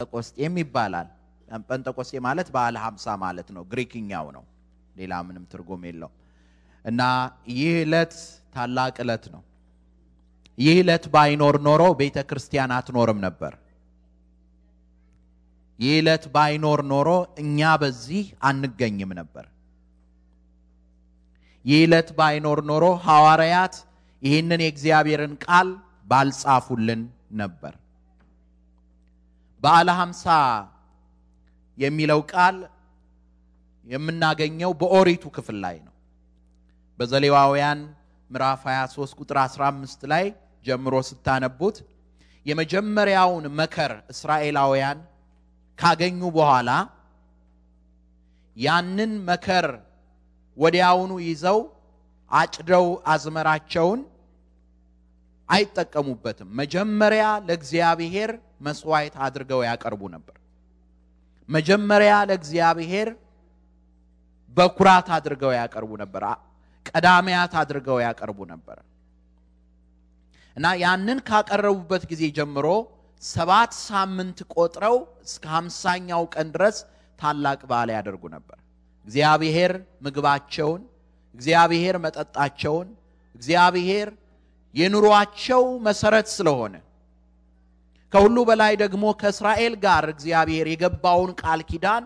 ጴንጠቆስጤም ይባላል። ጴንጠቆስጤ ማለት በዓለ ሀምሳ ማለት ነው። ግሪክኛው ነው። ሌላ ምንም ትርጉም የለውም። እና ይህ ዕለት ታላቅ ዕለት ነው። ይህ ዕለት ባይኖር ኖሮ ቤተ ክርስቲያን አትኖርም ነበር። ይህ ዕለት ባይኖር ኖሮ እኛ በዚህ አንገኝም ነበር። ይህ ዕለት ባይኖር ኖሮ ሐዋርያት ይህንን የእግዚአብሔርን ቃል ባልጻፉልን ነበር። በዓለ ሀምሳ የሚለው ቃል የምናገኘው በኦሪቱ ክፍል ላይ ነው። በዘሌዋውያን ምዕራፍ 23 ቁጥር 15 ላይ ጀምሮ ስታነቡት የመጀመሪያውን መከር እስራኤላውያን ካገኙ በኋላ ያንን መከር ወዲያውኑ ይዘው አጭደው አዝመራቸውን አይጠቀሙበትም። መጀመሪያ ለእግዚአብሔር መስዋዕት አድርገው ያቀርቡ ነበር። መጀመሪያ ለእግዚአብሔር በኩራት አድርገው ያቀርቡ ነበር። ቀዳሚያት አድርገው ያቀርቡ ነበር እና ያንን ካቀረቡበት ጊዜ ጀምሮ ሰባት ሳምንት ቆጥረው እስከ ሃምሳኛው ቀን ድረስ ታላቅ በዓል ያደርጉ ነበር። እግዚአብሔር ምግባቸውን፣ እግዚአብሔር መጠጣቸውን፣ እግዚአብሔር የኑሯቸው መሰረት ስለሆነ ከሁሉ በላይ ደግሞ ከእስራኤል ጋር እግዚአብሔር የገባውን ቃል ኪዳን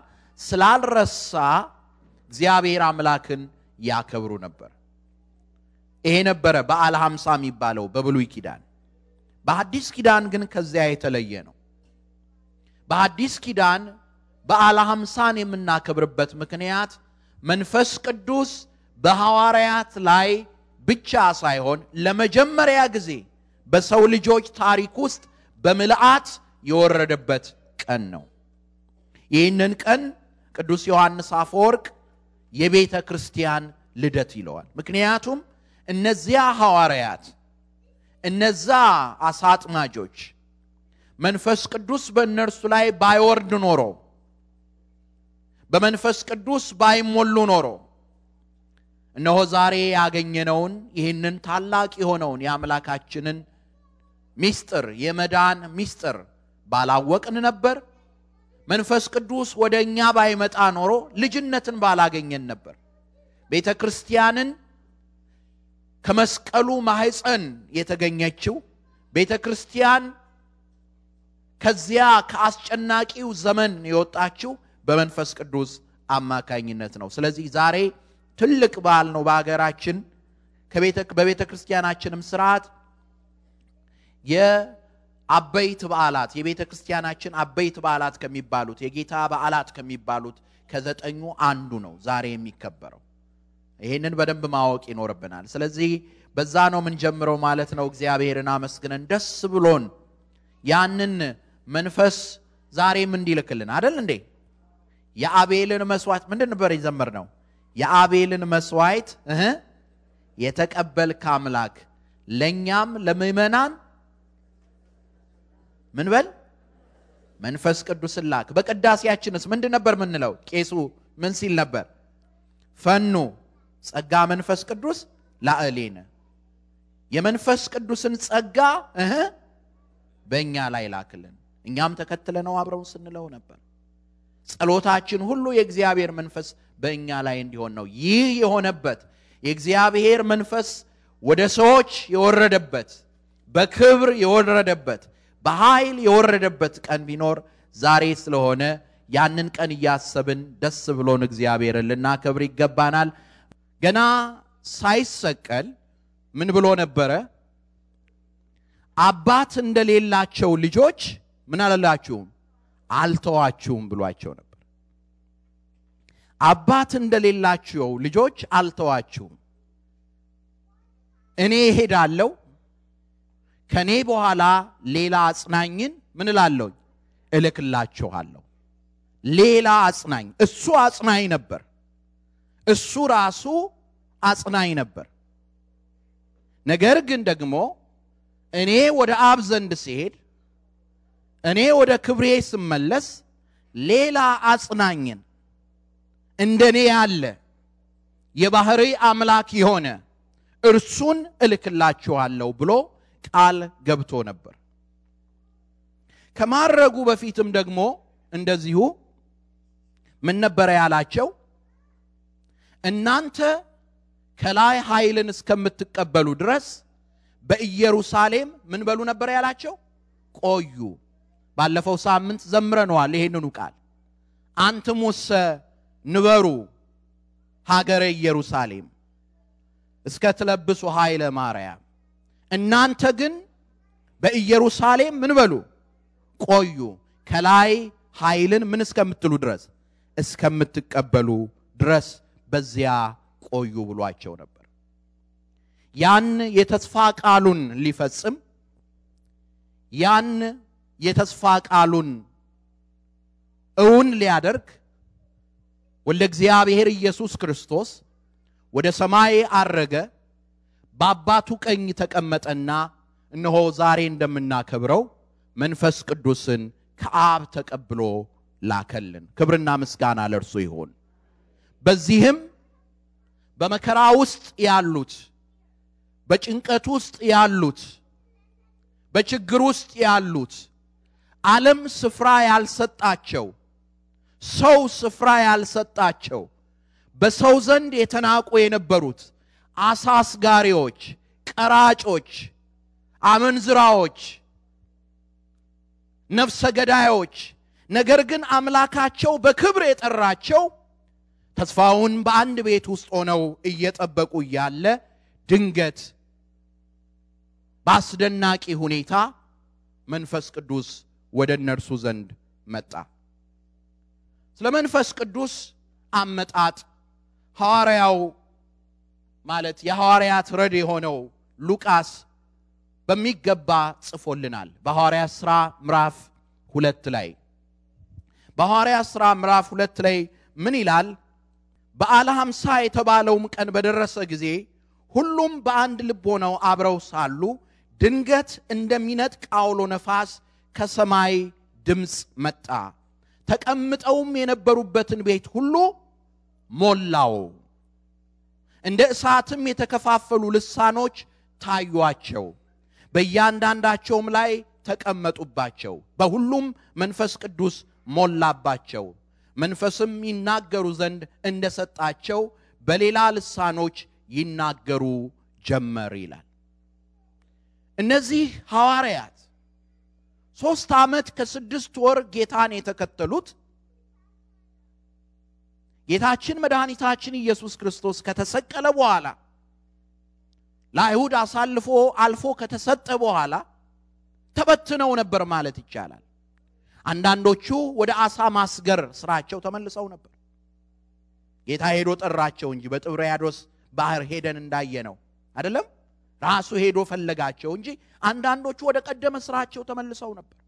ስላልረሳ እግዚአብሔር አምላክን ያከብሩ ነበር። ይሄ ነበረ በዓል ሃምሳ የሚባለው በብሉይ ኪዳን። በአዲስ ኪዳን ግን ከዚያ የተለየ ነው። በአዲስ ኪዳን በዓል ሃምሳን የምናከብርበት ምክንያት መንፈስ ቅዱስ በሐዋርያት ላይ ብቻ ሳይሆን ለመጀመሪያ ጊዜ በሰው ልጆች ታሪክ ውስጥ በምልአት የወረደበት ቀን ነው ይህንን ቀን ቅዱስ ዮሐንስ አፈወርቅ የቤተ ክርስቲያን ልደት ይለዋል ምክንያቱም እነዚያ ሐዋርያት እነዛ አሳጥማጆች መንፈስ ቅዱስ በእነርሱ ላይ ባይወርድ ኖሮ በመንፈስ ቅዱስ ባይሞሉ ኖሮ እነሆ ዛሬ ያገኘነውን ይህንን ታላቅ የሆነውን የአምላካችንን ሚስጥር የመዳን ሚስጥር ባላወቅን ነበር። መንፈስ ቅዱስ ወደ እኛ ባይመጣ ኖሮ ልጅነትን ባላገኘን ነበር። ቤተ ክርስቲያንን ከመስቀሉ ማሕፀን የተገኘችው ቤተ ክርስቲያን ከዚያ ከአስጨናቂው ዘመን የወጣችው በመንፈስ ቅዱስ አማካኝነት ነው። ስለዚህ ዛሬ ትልቅ በዓል ነው በሀገራችን በቤተ ክርስቲያናችንም ስርዓት የአበይት በዓላት የቤተ ክርስቲያናችን አበይት በዓላት ከሚባሉት የጌታ በዓላት ከሚባሉት ከዘጠኙ አንዱ ነው ዛሬ የሚከበረው። ይህንን በደንብ ማወቅ ይኖርብናል። ስለዚህ በዛ ነው የምንጀምረው ማለት ነው። እግዚአብሔርን አመስግነን ደስ ብሎን ያንን መንፈስ ዛሬም እንዲልክልን አደል እንዴ? የአቤልን መስዋዕት ምንድን ነበር የዘመር ነው? የአቤልን መስዋዕት የተቀበልክ አምላክ ለእኛም ለምእመናን ምን በል መንፈስ ቅዱስን ላክ። በቅዳሴያችንስ ምንድን ነበር ምንለው? ቄሱ ምን ሲል ነበር? ፈኑ ጸጋ መንፈስ ቅዱስ ላዕሌነ የመንፈስ ቅዱስን ጸጋ እህ በእኛ ላይ ላክልን፣ እኛም ተከትለ ነው አብረውን ስንለው ነበር። ጸሎታችን ሁሉ የእግዚአብሔር መንፈስ በእኛ ላይ እንዲሆን ነው። ይህ የሆነበት የእግዚአብሔር መንፈስ ወደ ሰዎች የወረደበት በክብር የወረደበት በኃይል የወረደበት ቀን ቢኖር ዛሬ ስለሆነ ያንን ቀን እያሰብን ደስ ብሎን እግዚአብሔርን ልናከብር ይገባናል። ገና ሳይሰቀል ምን ብሎ ነበረ? አባት እንደሌላቸው ልጆች ምን አላላችሁም አልተዋችሁም ብሏቸው ነበር። አባት እንደሌላቸው ልጆች አልተዋችሁም፣ እኔ እሄዳለሁ ከእኔ በኋላ ሌላ አጽናኝን ምን እላለሁ እልክላችኋለሁ ሌላ አጽናኝ እሱ አጽናኝ ነበር እሱ ራሱ አጽናኝ ነበር ነገር ግን ደግሞ እኔ ወደ አብ ዘንድ ሲሄድ እኔ ወደ ክብሬ ስመለስ ሌላ አጽናኝን እንደኔ ያለ የባህሪ አምላክ የሆነ እርሱን እልክላችኋለሁ ብሎ ቃል ገብቶ ነበር። ከማረጉ በፊትም ደግሞ እንደዚሁ ምን ነበረ ያላቸው? እናንተ ከላይ ኃይልን እስከምትቀበሉ ድረስ በኢየሩሳሌም ምን በሉ ነበር ያላቸው? ቆዩ። ባለፈው ሳምንት ዘምረነዋል ይሄንኑ ቃል። አንትሙሰ ንበሩ ሀገረ ኢየሩሳሌም እስከ ትለብሱ ኃይለ ማርያም እናንተ ግን በኢየሩሳሌም ምን በሉ ቆዩ ከላይ ኃይልን ምን እስከምትሉ ድረስ እስከምትቀበሉ ድረስ በዚያ ቆዩ ብሏቸው ነበር ያን የተስፋ ቃሉን ሊፈጽም ያን የተስፋ ቃሉን እውን ሊያደርግ ወለ እግዚአብሔር ኢየሱስ ክርስቶስ ወደ ሰማይ አረገ በአባቱ ቀኝ ተቀመጠና እነሆ ዛሬ እንደምናከብረው መንፈስ ቅዱስን ከአብ ተቀብሎ ላከልን። ክብርና ምስጋና ለእርሱ ይሁን። በዚህም በመከራ ውስጥ ያሉት፣ በጭንቀት ውስጥ ያሉት፣ በችግር ውስጥ ያሉት፣ ዓለም ስፍራ ያልሰጣቸው፣ ሰው ስፍራ ያልሰጣቸው፣ በሰው ዘንድ የተናቁ የነበሩት አሳ ቀራጮች፣ አመንዝራዎች፣ ነፍሰ ገዳዮች ነገር ግን አምላካቸው በክብር የጠራቸው ተስፋውን በአንድ ቤት ውስጥ ሆነው እየጠበቁ እያለ ድንገት በአስደናቂ ሁኔታ መንፈስ ቅዱስ ወደ እነርሱ ዘንድ መጣ። ስለ መንፈስ ቅዱስ አመጣጥ ሐዋርያው ማለት የሐዋርያት ረድ የሆነው ሉቃስ በሚገባ ጽፎልናል። በሐዋርያት ሥራ ምዕራፍ ሁለት ላይ በሐዋርያት ሥራ ምዕራፍ ሁለት ላይ ምን ይላል? በዓለ ሐምሳ የተባለውም ቀን በደረሰ ጊዜ ሁሉም በአንድ ልብ ሆነው አብረው ሳሉ ድንገት እንደሚነጥቅ አውሎ ነፋስ ከሰማይ ድምፅ መጣ፣ ተቀምጠውም የነበሩበትን ቤት ሁሉ ሞላው እንደ እሳትም የተከፋፈሉ ልሳኖች ታዩአቸው፣ በእያንዳንዳቸውም ላይ ተቀመጡባቸው። በሁሉም መንፈስ ቅዱስ ሞላባቸው፣ መንፈስም ይናገሩ ዘንድ እንደሰጣቸው በሌላ ልሳኖች ይናገሩ ጀመር ይላል። እነዚህ ሐዋርያት ሦስት ዓመት ከስድስት ወር ጌታን የተከተሉት ጌታችን መድኃኒታችን ኢየሱስ ክርስቶስ ከተሰቀለ በኋላ ለአይሁድ አሳልፎ አልፎ ከተሰጠ በኋላ ተበትነው ነበር ማለት ይቻላል። አንዳንዶቹ ወደ አሳ ማስገር ስራቸው ተመልሰው ነበር። ጌታ ሄዶ ጠራቸው እንጂ በጥብርያዶስ ባህር ሄደን እንዳየ ነው አይደለም። ራሱ ሄዶ ፈለጋቸው እንጂ አንዳንዶቹ ወደ ቀደመ ስራቸው ተመልሰው ነበር።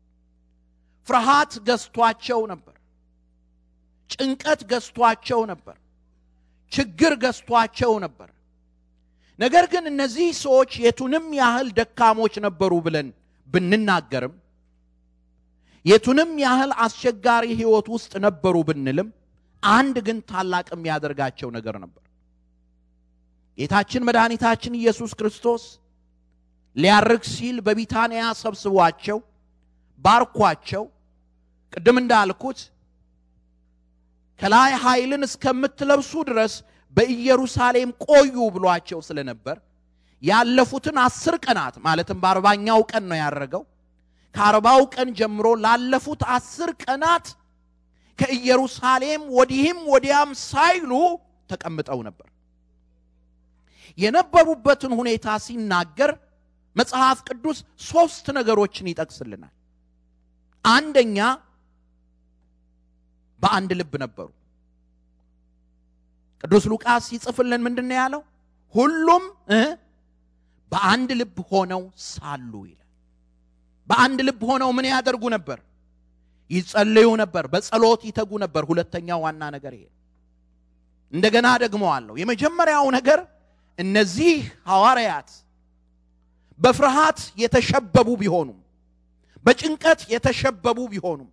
ፍርሃት ገዝቷቸው ነበር። ጭንቀት ገዝቷቸው ነበር፣ ችግር ገዝቷቸው ነበር። ነገር ግን እነዚህ ሰዎች የቱንም ያህል ደካሞች ነበሩ ብለን ብንናገርም የቱንም ያህል አስቸጋሪ ህይወት ውስጥ ነበሩ ብንልም አንድ ግን ታላቅ የሚያደርጋቸው ነገር ነበር። ጌታችን መድኃኒታችን ኢየሱስ ክርስቶስ ሊያርግ ሲል በቢታንያ ሰብስቧቸው ባርኳቸው። ቅድም እንዳልኩት ከላይ ኃይልን እስከምትለብሱ ድረስ በኢየሩሳሌም ቆዩ ብሏቸው ስለነበር ያለፉትን አስር ቀናት ማለትም በአርባኛው ቀን ነው ያደረገው ከአርባው ቀን ጀምሮ ላለፉት አስር ቀናት ከኢየሩሳሌም ወዲህም ወዲያም ሳይሉ ተቀምጠው ነበር የነበሩበትን ሁኔታ ሲናገር መጽሐፍ ቅዱስ ሶስት ነገሮችን ይጠቅስልናል አንደኛ በአንድ ልብ ነበሩ ቅዱስ ሉቃስ ሲጽፍልን ምንድን ነው ያለው ሁሉም በአንድ ልብ ሆነው ሳሉ ይላል በአንድ ልብ ሆነው ምን ያደርጉ ነበር ይጸልዩ ነበር በጸሎት ይተጉ ነበር ሁለተኛው ዋና ነገር ይሄ እንደገና ደግሞ አለው የመጀመሪያው ነገር እነዚህ ሐዋርያት በፍርሃት የተሸበቡ ቢሆኑም በጭንቀት የተሸበቡ ቢሆኑም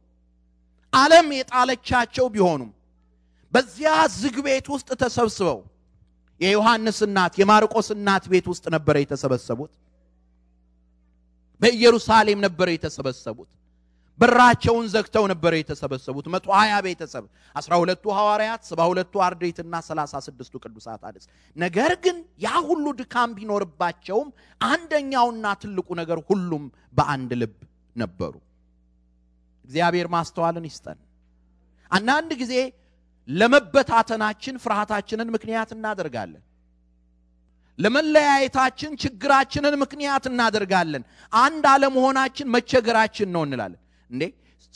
ዓለም የጣለቻቸው ቢሆኑም በዚያ ዝግ ቤት ውስጥ ተሰብስበው የዮሐንስ እናት የማርቆስ እናት ቤት ውስጥ ነበረ የተሰበሰቡት በኢየሩሳሌም ነበረ የተሰበሰቡት በራቸውን ዘግተው ነበረ የተሰበሰቡት መቶ ሀያ ቤተሰብ አስራ ሁለቱ ሐዋርያት ሰባ ሁለቱ አርድእትና ሰላሳ ስድስቱ ቅዱሳት አንስት ነገር ግን ያ ሁሉ ድካም ቢኖርባቸውም አንደኛውና ትልቁ ነገር ሁሉም በአንድ ልብ ነበሩ እግዚአብሔር ማስተዋልን ይስጠን አንዳንድ ጊዜ ለመበታተናችን ፍርሃታችንን ምክንያት እናደርጋለን ለመለያየታችን ችግራችንን ምክንያት እናደርጋለን አንድ አለመሆናችን መቸገራችን ነው እንላለን እንዴ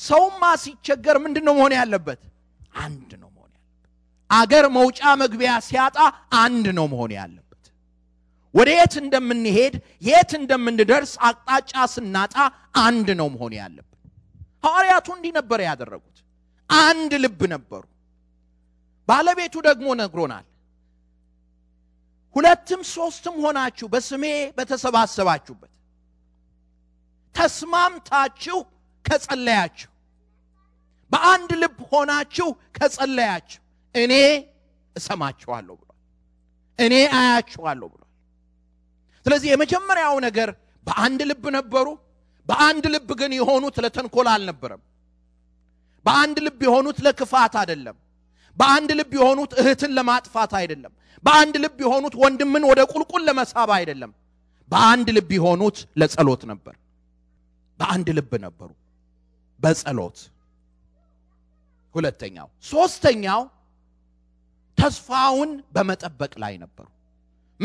ሰውማ ሲቸገር ምንድን ነው መሆን ያለበት አንድ ነው መሆን ያለበት አገር መውጫ መግቢያ ሲያጣ አንድ ነው መሆን ያለበት ወደ የት እንደምንሄድ የት እንደምንደርስ አቅጣጫ ስናጣ አንድ ነው መሆን ያለበት ሐዋርያቱ እንዲህ ነበር ያደረጉት። አንድ ልብ ነበሩ። ባለቤቱ ደግሞ ነግሮናል። ሁለትም ሶስትም ሆናችሁ በስሜ በተሰባሰባችሁበት ተስማምታችሁ ከጸለያችሁ፣ በአንድ ልብ ሆናችሁ ከጸለያችሁ እኔ እሰማችኋለሁ ብሏል። እኔ አያችኋለሁ ብሏል። ስለዚህ የመጀመሪያው ነገር በአንድ ልብ ነበሩ። በአንድ ልብ ግን የሆኑት ለተንኮል አልነበረም በአንድ ልብ የሆኑት ለክፋት አይደለም በአንድ ልብ የሆኑት እህትን ለማጥፋት አይደለም በአንድ ልብ የሆኑት ወንድምን ወደ ቁልቁል ለመሳብ አይደለም በአንድ ልብ የሆኑት ለጸሎት ነበር በአንድ ልብ ነበሩ በጸሎት ሁለተኛው ሶስተኛው ተስፋውን በመጠበቅ ላይ ነበሩ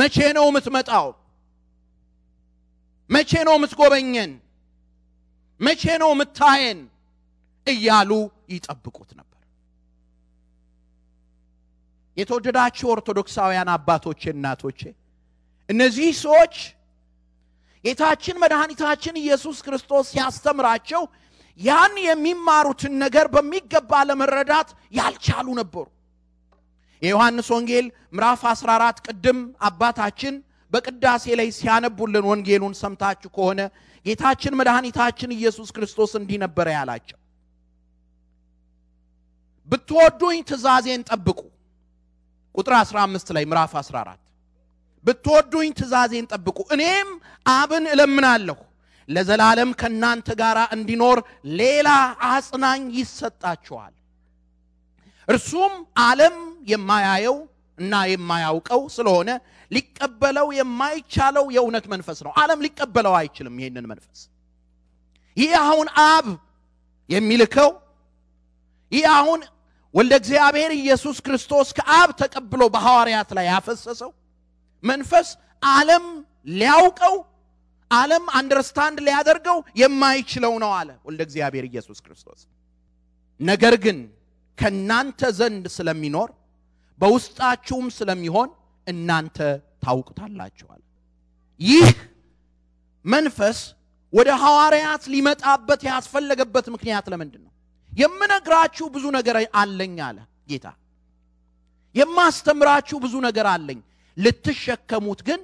መቼ ነው የምትመጣው መቼ ነው የምትጎበኘን መቼ ነው ምታየን እያሉ ይጠብቁት ነበር የተወደዳችሁ ኦርቶዶክሳውያን አባቶቼ እናቶቼ እነዚህ ሰዎች ጌታችን መድኃኒታችን ኢየሱስ ክርስቶስ ሲያስተምራቸው ያን የሚማሩትን ነገር በሚገባ ለመረዳት ያልቻሉ ነበሩ የዮሐንስ ወንጌል ምዕራፍ 14 ቅድም አባታችን በቅዳሴ ላይ ሲያነቡልን ወንጌሉን ሰምታችሁ ከሆነ ጌታችን መድኃኒታችን ኢየሱስ ክርስቶስ እንዲህ ነበረ ያላቸው ብትወዱኝ ትእዛዜን ጠብቁ ቁጥር 15 ላይ ምዕራፍ 14 ብትወዱኝ ትእዛዜን ጠብቁ እኔም አብን እለምናለሁ ለዘላለም ከእናንተ ጋር እንዲኖር ሌላ አጽናኝ ይሰጣችኋል እርሱም ዓለም የማያየው እና የማያውቀው ስለሆነ ሊቀበለው የማይቻለው የእውነት መንፈስ ነው ዓለም ሊቀበለው አይችልም ይሄንን መንፈስ ይህ አሁን አብ የሚልከው ይህ አሁን ወልደ እግዚአብሔር ኢየሱስ ክርስቶስ ከአብ ተቀብሎ በሐዋርያት ላይ ያፈሰሰው መንፈስ ዓለም ሊያውቀው ዓለም አንደርስታንድ ሊያደርገው የማይችለው ነው አለ ወልደ እግዚአብሔር ኢየሱስ ክርስቶስ ነገር ግን ከእናንተ ዘንድ ስለሚኖር በውስጣችሁም ስለሚሆን እናንተ ታውቁታላችኋል። ይህ መንፈስ ወደ ሐዋርያት ሊመጣበት ያስፈለገበት ምክንያት ለምንድን ነው? የምነግራችሁ ብዙ ነገር አለኝ አለ ጌታ። የማስተምራችሁ ብዙ ነገር አለኝ፣ ልትሸከሙት ግን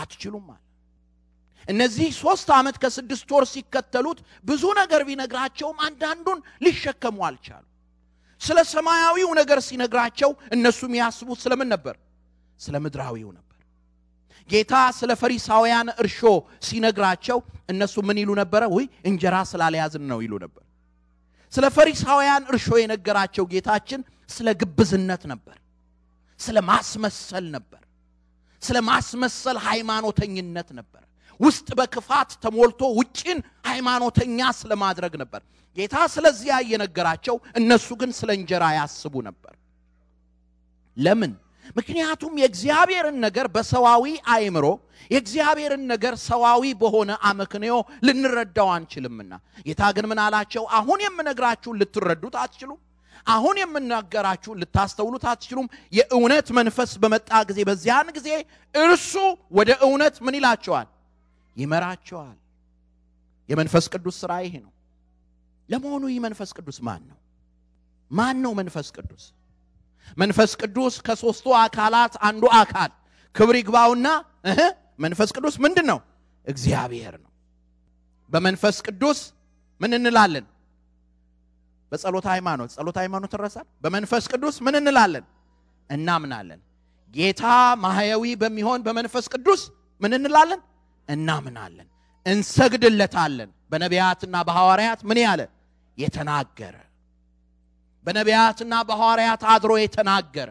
አትችሉም አለ። እነዚህ አመት ዓመት ከስድስት ወር ሲከተሉት ብዙ ነገር ቢነግራቸውም አንዳንዱን ሊሸከሙ አልቻሉ። ስለ ሰማያዊው ነገር ሲነግራቸው እነሱ የሚያስቡት ስለምን ነበር ስለ ምድራዊው ነበር ጌታ ስለ ፈሪሳውያን እርሾ ሲነግራቸው እነሱ ምን ይሉ ነበረ ወይ እንጀራ ስላለያዝን ነው ይሉ ነበር ስለ ፈሪሳውያን እርሾ የነገራቸው ጌታችን ስለ ግብዝነት ነበር ስለ ማስመሰል ነበር ስለ ማስመሰል ሃይማኖተኝነት ነበር ውስጥ በክፋት ተሞልቶ ውጭን ሃይማኖተኛ ስለማድረግ ነበር ጌታ ስለዚያ እየነገራቸው እነሱ ግን ስለ እንጀራ ያስቡ ነበር ለምን ምክንያቱም የእግዚአብሔርን ነገር በሰዋዊ አይምሮ የእግዚአብሔርን ነገር ሰዋዊ በሆነ አመክንዮ ልንረዳው አንችልምና ጌታ ግን ምን አላቸው አሁን የምነግራችሁን ልትረዱት አትችሉም አሁን የምናገራችሁ ልታስተውሉት አትችሉም የእውነት መንፈስ በመጣ ጊዜ በዚያን ጊዜ እርሱ ወደ እውነት ምን ይላቸዋል ይመራቸዋል። የመንፈስ ቅዱስ ሥራ ይሄ ነው። ለመሆኑ ይህ መንፈስ ቅዱስ ማን ነው? ማን ነው መንፈስ ቅዱስ? መንፈስ ቅዱስ ከሶስቱ አካላት አንዱ አካል ክብር ይግባውና እህ መንፈስ ቅዱስ ምንድን ነው? እግዚአብሔር ነው። በመንፈስ ቅዱስ ምን እንላለን? በጸሎት ሃይማኖት ጸሎት ሃይማኖት እንረሳል። በመንፈስ ቅዱስ ምን እንላለን? እናምናለን። ጌታ ማህያዊ በሚሆን በመንፈስ ቅዱስ ምን እንላለን? እናምናለን፣ እንሰግድለታለን። በነቢያትና በሐዋርያት ምን ያለ የተናገረ በነቢያትና በሐዋርያት አድሮ የተናገረ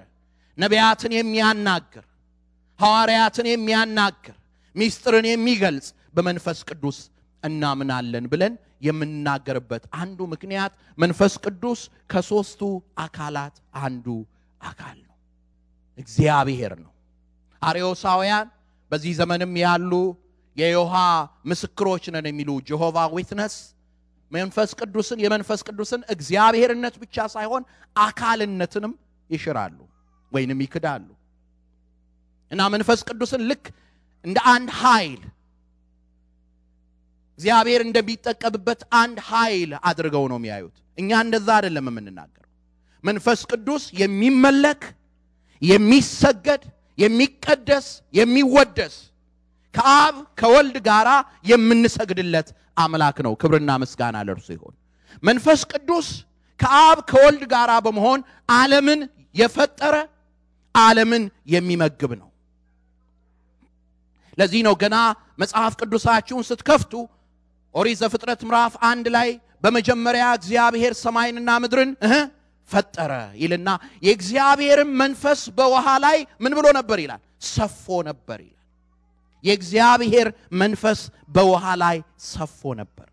ነቢያትን የሚያናግር ሐዋርያትን የሚያናግር ሚስጥርን የሚገልጽ በመንፈስ ቅዱስ እናምናለን ብለን የምንናገርበት አንዱ ምክንያት መንፈስ ቅዱስ ከሦስቱ አካላት አንዱ አካል ነው፣ እግዚአብሔር ነው። አርዮሳውያን በዚህ ዘመንም ያሉ የዮሃ ምስክሮች ነን የሚሉ ጀሆቫ ዊትነስ መንፈስ ቅዱስን የመንፈስ ቅዱስን እግዚአብሔርነት ብቻ ሳይሆን አካልነትንም ይሽራሉ ወይንም ይክዳሉ እና መንፈስ ቅዱስን ልክ እንደ አንድ ኃይል እግዚአብሔር እንደሚጠቀምበት አንድ ኃይል አድርገው ነው የሚያዩት እኛ እንደዛ አይደለም የምንናገረው መንፈስ ቅዱስ የሚመለክ የሚሰገድ የሚቀደስ የሚወደስ ከአብ ከወልድ ጋር የምንሰግድለት አምላክ ነው። ክብርና ምስጋና ለእርሱ ይሆን። መንፈስ ቅዱስ ከአብ ከወልድ ጋር በመሆን ዓለምን የፈጠረ ዓለምን የሚመግብ ነው። ለዚህ ነው ገና መጽሐፍ ቅዱሳችሁን ስትከፍቱ ኦሪት ዘፍጥረት ምዕራፍ አንድ ላይ በመጀመሪያ እግዚአብሔር ሰማይንና ምድርን እህ ፈጠረ ይልና የእግዚአብሔርን መንፈስ በውሃ ላይ ምን ብሎ ነበር ይላል ሰፎ ነበር ይላል የእግዚአብሔር መንፈስ በውሃ ላይ ሰፎ ነበር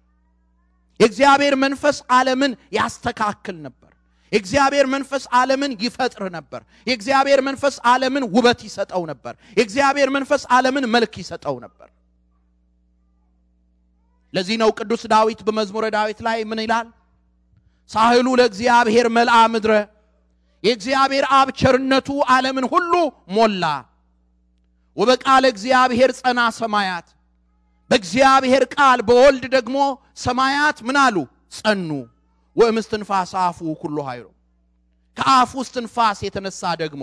የእግዚአብሔር መንፈስ ዓለምን ያስተካክል ነበር የእግዚአብሔር መንፈስ ዓለምን ይፈጥር ነበር የእግዚአብሔር መንፈስ ዓለምን ውበት ይሰጠው ነበር የእግዚአብሔር መንፈስ ዓለምን መልክ ይሰጠው ነበር ለዚህ ነው ቅዱስ ዳዊት በመዝሙረ ዳዊት ላይ ምን ይላል ሳህሉ ለእግዚአብሔር መልአ ምድረ የእግዚአብሔር አብ ቸርነቱ ዓለምን ሁሉ ሞላ ወበቃለ እግዚአብሔር ጸና ሰማያት በእግዚአብሔር ቃል በወልድ ደግሞ ሰማያት ምን አሉ ጸኑ ወእምስትንፋስ አፉ ሁሉ ኃይሉ ከአፉ እስትንፋስ የተነሳ ደግሞ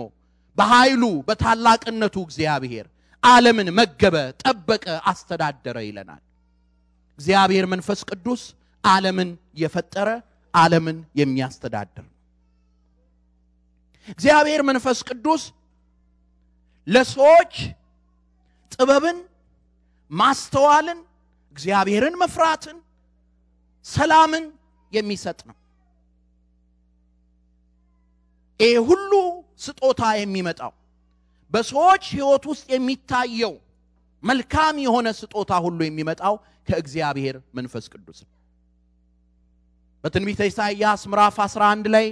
በኃይሉ በታላቅነቱ እግዚአብሔር ዓለምን መገበ ጠበቀ አስተዳደረ ይለናል እግዚአብሔር መንፈስ ቅዱስ ዓለምን የፈጠረ ዓለምን የሚያስተዳድር ነው እግዚአብሔር መንፈስ ቅዱስ ለሰዎች ጥበብን፣ ማስተዋልን፣ እግዚአብሔርን መፍራትን፣ ሰላምን የሚሰጥ ነው። ይህ ሁሉ ስጦታ የሚመጣው በሰዎች ሕይወት ውስጥ የሚታየው መልካም የሆነ ስጦታ ሁሉ የሚመጣው ከእግዚአብሔር መንፈስ ቅዱስ ነው። በትንቢተ ኢሳይያስ ምዕራፍ 11 ላይ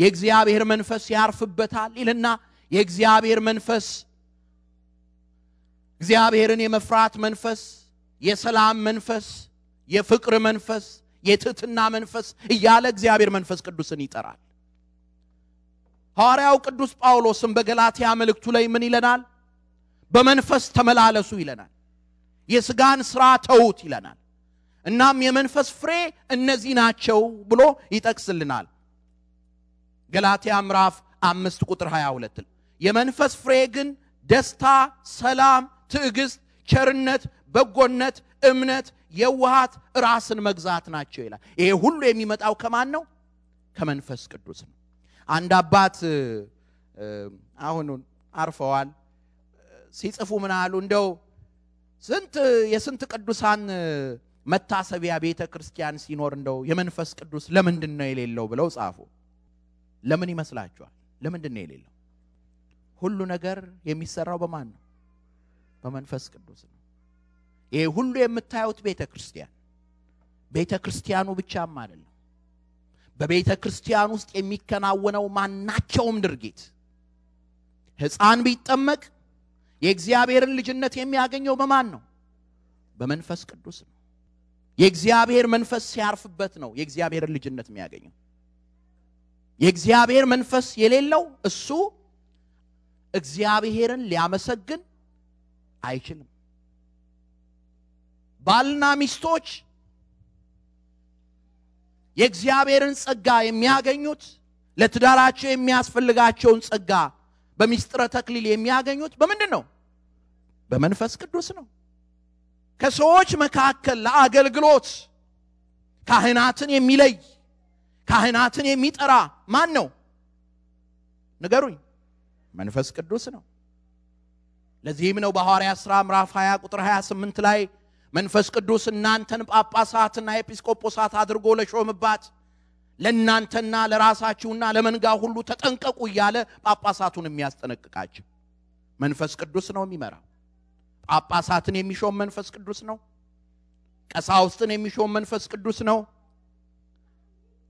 የእግዚአብሔር መንፈስ ያርፍበታል ይልና የእግዚአብሔር መንፈስ እግዚአብሔርን የመፍራት መንፈስ፣ የሰላም መንፈስ፣ የፍቅር መንፈስ፣ የትህትና መንፈስ እያለ እግዚአብሔር መንፈስ ቅዱስን ይጠራል። ሐዋርያው ቅዱስ ጳውሎስም በገላትያ መልእክቱ ላይ ምን ይለናል? በመንፈስ ተመላለሱ ይለናል። የስጋን ስራ ተዉት ይለናል። እናም የመንፈስ ፍሬ እነዚህ ናቸው ብሎ ይጠቅስልናል። ገላትያ ምዕራፍ አምስት ቁጥር 22 የመንፈስ ፍሬ ግን ደስታ፣ ሰላም፣ ትዕግስት፣ ቸርነት፣ በጎነት፣ እምነት፣ የዋሃት፣ ራስን መግዛት ናቸው ይላል። ይሄ ሁሉ የሚመጣው ከማን ነው? ከመንፈስ ቅዱስ ነው። አንድ አባት አሁን አርፈዋል። ሲጽፉ ምን አሉ? እንደው ስንት የስንት ቅዱሳን መታሰቢያ ቤተ ክርስቲያን ሲኖር እንደው የመንፈስ ቅዱስ ለምንድን ነው የሌለው ብለው ጻፉ። ለምን ይመስላችኋል? ለምንድን ነው የሌለው? ሁሉ ነገር የሚሰራው በማን ነው? በመንፈስ ቅዱስ ነው ይሄ ሁሉ የምታዩት ቤተ ክርስቲያን ቤተ ክርስቲያኑ ብቻም አይደለም በቤተ ክርስቲያን ውስጥ የሚከናወነው ማናቸውም ድርጊት ህፃን ቢጠመቅ የእግዚአብሔርን ልጅነት የሚያገኘው በማን ነው በመንፈስ ቅዱስ ነው የእግዚአብሔር መንፈስ ሲያርፍበት ነው የእግዚአብሔርን ልጅነት የሚያገኘው የእግዚአብሔር መንፈስ የሌለው እሱ እግዚአብሔርን ሊያመሰግን አይችልም። ባልና ሚስቶች የእግዚአብሔርን ጸጋ የሚያገኙት ለትዳራቸው የሚያስፈልጋቸውን ጸጋ በሚስጥረ ተክሊል የሚያገኙት በምንድን ነው? በመንፈስ ቅዱስ ነው። ከሰዎች መካከል ለአገልግሎት ካህናትን የሚለይ ካህናትን የሚጠራ ማን ነው? ንገሩኝ። መንፈስ ቅዱስ ነው። ለዚህም ነው በሐዋርያ ሥራ ምዕራፍ 20 ቁጥር 28 ላይ መንፈስ ቅዱስ እናንተን ጳጳሳትና ኤጲስቆጶሳት አድርጎ ለሾምባት ለእናንተና ለራሳችሁና ለመንጋ ሁሉ ተጠንቀቁ እያለ ጳጳሳቱን የሚያስጠነቅቃቸው መንፈስ ቅዱስ ነው የሚመራው። ጳጳሳትን የሚሾም መንፈስ ቅዱስ ነው። ቀሳውስትን የሚሾም መንፈስ ቅዱስ ነው።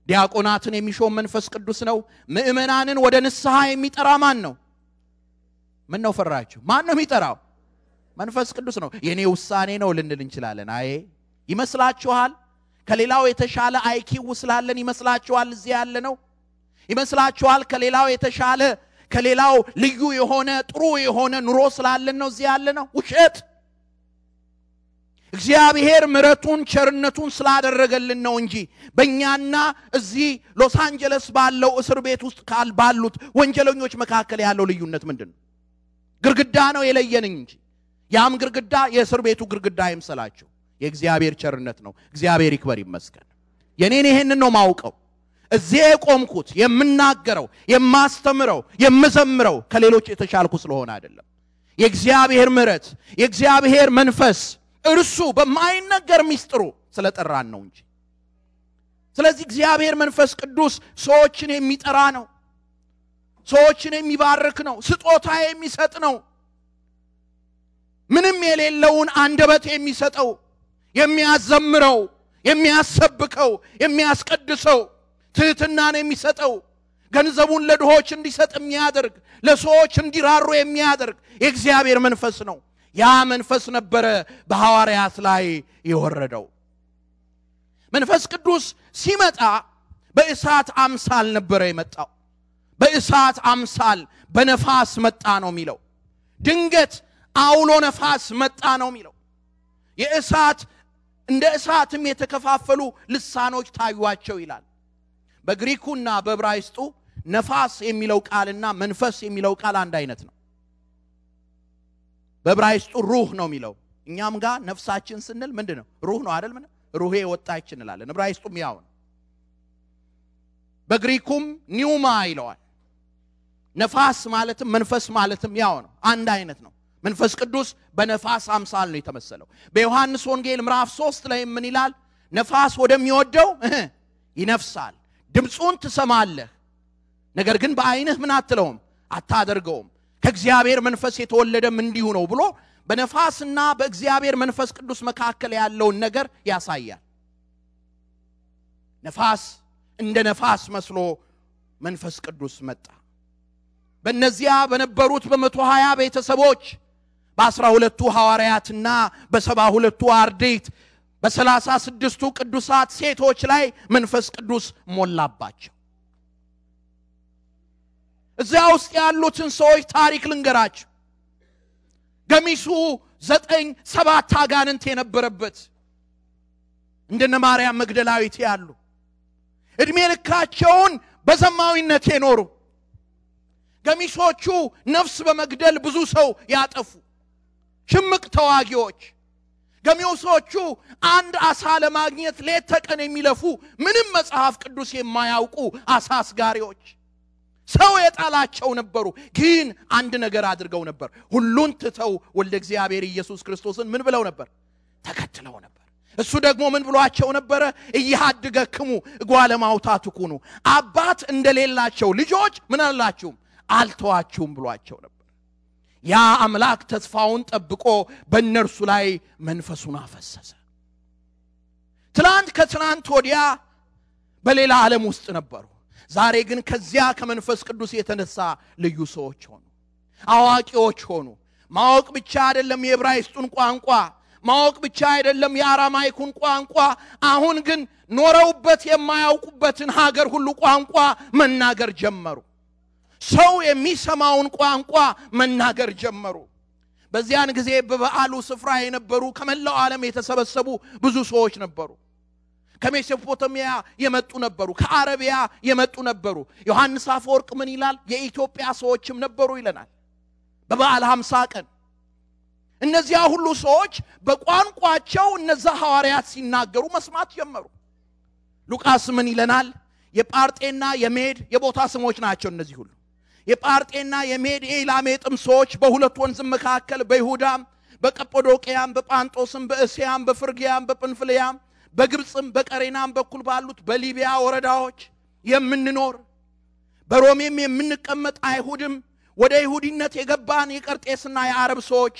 ዲያቆናትን የሚሾም መንፈስ ቅዱስ ነው። ምእመናንን ወደ ንስሐ የሚጠራ ማን ነው? ምን ነው ፈራችሁ? ማን ነው የሚጠራው? መንፈስ ቅዱስ ነው። የእኔ ውሳኔ ነው ልንል እንችላለን። አይ ይመስላችኋል? ከሌላው የተሻለ አይኪው ስላለን ይመስላችኋል? እዚህ ያለ ነው ይመስላችኋል? ከሌላው የተሻለ ከሌላው ልዩ የሆነ ጥሩ የሆነ ኑሮ ስላለን ነው እዚህ ያለ ነው። ውሸት። እግዚአብሔር ምረቱን ቸርነቱን ስላደረገልን ነው እንጂ በእኛና እዚህ ሎስ አንጀለስ ባለው እስር ቤት ውስጥ ባሉት ወንጀለኞች መካከል ያለው ልዩነት ምንድን ነው? ግርግዳ ነው የለየን እንጂ ያም ግርግዳ የእስር ቤቱ ግርግዳ ይምሰላችሁ የእግዚአብሔር ቸርነት ነው። እግዚአብሔር ይክበር ይመስገን። የኔን ይሄንን ነው ማውቀው። እዚህ የቆምኩት የምናገረው፣ የማስተምረው፣ የምዘምረው ከሌሎች የተሻልኩ ስለሆነ አይደለም። የእግዚአብሔር ምረት የእግዚአብሔር መንፈስ እርሱ በማይነገር ሚስጥሩ ስለጠራን ነው እንጂ። ስለዚህ እግዚአብሔር መንፈስ ቅዱስ ሰዎችን የሚጠራ ነው። ሰዎችን የሚባርክ ነው ስጦታ የሚሰጥ ነው ምንም የሌለውን አንደበት የሚሰጠው የሚያዘምረው የሚያሰብከው የሚያስቀድሰው ትህትናን የሚሰጠው ገንዘቡን ለድሆች እንዲሰጥ የሚያደርግ ለሰዎች እንዲራሩ የሚያደርግ የእግዚአብሔር መንፈስ ነው ያ መንፈስ ነበረ በሐዋርያት ላይ የወረደው መንፈስ ቅዱስ ሲመጣ በእሳት አምሳል ነበረ የመጣው በእሳት አምሳል በነፋስ መጣ ነው የሚለው። ድንገት አውሎ ነፋስ መጣ ነው የሚለው። የእሳት እንደ እሳትም የተከፋፈሉ ልሳኖች ታዩቸው ይላል። በግሪኩና በብራይስጡ ነፋስ የሚለው ቃልና መንፈስ የሚለው ቃል አንድ አይነት ነው። በብራይስጡ ሩህ ነው የሚለው። እኛም ጋር ነፍሳችን ስንል ምንድ ነው? ሩህ ነው አደል ምን ሩሄ ወጣች እንላለን። ዕብራይስጡም ያው ነው። በግሪኩም ኒውማ ይለዋል። ነፋስ ማለትም መንፈስ ማለትም ያው ነው አንድ አይነት ነው መንፈስ ቅዱስ በነፋስ አምሳል ነው የተመሰለው በዮሐንስ ወንጌል ምዕራፍ ሶስት ላይ ምን ይላል ነፋስ ወደሚወደው ይነፍሳል ድምፁን ትሰማለህ ነገር ግን በአይንህ ምን አትለውም አታደርገውም ከእግዚአብሔር መንፈስ የተወለደም እንዲሁ ነው ብሎ በነፋስና በእግዚአብሔር መንፈስ ቅዱስ መካከል ያለውን ነገር ያሳያል ነፋስ እንደ ነፋስ መስሎ መንፈስ ቅዱስ መጣ በእነዚያ በነበሩት በመቶ ሀያ ቤተሰቦች በአስራ ሁለቱ ሐዋርያትና በሰባ ሁለቱ አርዴት በሰላሳ ስድስቱ ቅዱሳት ሴቶች ላይ መንፈስ ቅዱስ ሞላባቸው። እዚያ ውስጥ ያሉትን ሰዎች ታሪክ ልንገራቸው ገሚሱ ዘጠኝ ሰባት አጋንንት የነበረበት እንደነ ማርያም መግደላዊት ያሉ ዕድሜ ልካቸውን በዘማዊነት የኖሩ ገሚሶቹ ነፍስ በመግደል ብዙ ሰው ያጠፉ ሽምቅ ተዋጊዎች፣ ገሚሶቹ አንድ አሳ ለማግኘት ሌት ተቀን የሚለፉ ምንም መጽሐፍ ቅዱስ የማያውቁ አሳ አስጋሪዎች ሰው የጣላቸው ነበሩ። ግን አንድ ነገር አድርገው ነበር። ሁሉን ትተው ወልደ እግዚአብሔር ኢየሱስ ክርስቶስን ምን ብለው ነበር? ተከትለው ነበር። እሱ ደግሞ ምን ብሏቸው ነበረ? እያሃድገክሙ ኩኑ አባት እንደሌላቸው ልጆች ምን አላችሁም አልተዋችሁም ብሏቸው ነበር ያ አምላክ ተስፋውን ጠብቆ በእነርሱ ላይ መንፈሱን አፈሰሰ ትላንት ከትናንት ወዲያ በሌላ ዓለም ውስጥ ነበሩ ዛሬ ግን ከዚያ ከመንፈስ ቅዱስ የተነሳ ልዩ ሰዎች ሆኑ አዋቂዎች ሆኑ ማወቅ ብቻ አይደለም የዕብራይስጡን ቋንቋ ማወቅ ብቻ አይደለም የአራማይኩን ቋንቋ አሁን ግን ኖረውበት የማያውቁበትን ሀገር ሁሉ ቋንቋ መናገር ጀመሩ ሰው የሚሰማውን ቋንቋ መናገር ጀመሩ በዚያን ጊዜ በበዓሉ ስፍራ የነበሩ ከመላው ዓለም የተሰበሰቡ ብዙ ሰዎች ነበሩ ከሜሶፖታሚያ የመጡ ነበሩ ከአረቢያ የመጡ ነበሩ ዮሐንስ አፈወርቅ ምን ይላል የኢትዮጵያ ሰዎችም ነበሩ ይለናል በበዓል ሀምሳ ቀን እነዚያ ሁሉ ሰዎች በቋንቋቸው እነዛ ሐዋርያት ሲናገሩ መስማት ጀመሩ ሉቃስ ምን ይለናል የጳርጤና የሜድ የቦታ ስሞች ናቸው እነዚህ ሁሉ የጳርጤና የሜድኤላሜጥም ሰዎች በሁለት ወንዝ መካከል በይሁዳም በቀጶዶቅያም በጳንጦስም በእስያም በፍርግያም በጵንፍልያም በግብፅም በቀሬናም በኩል ባሉት በሊቢያ ወረዳዎች የምንኖር በሮሜም የምንቀመጥ አይሁድም ወደ ይሁዲነት የገባን የቀርጤስና የአረብ ሰዎች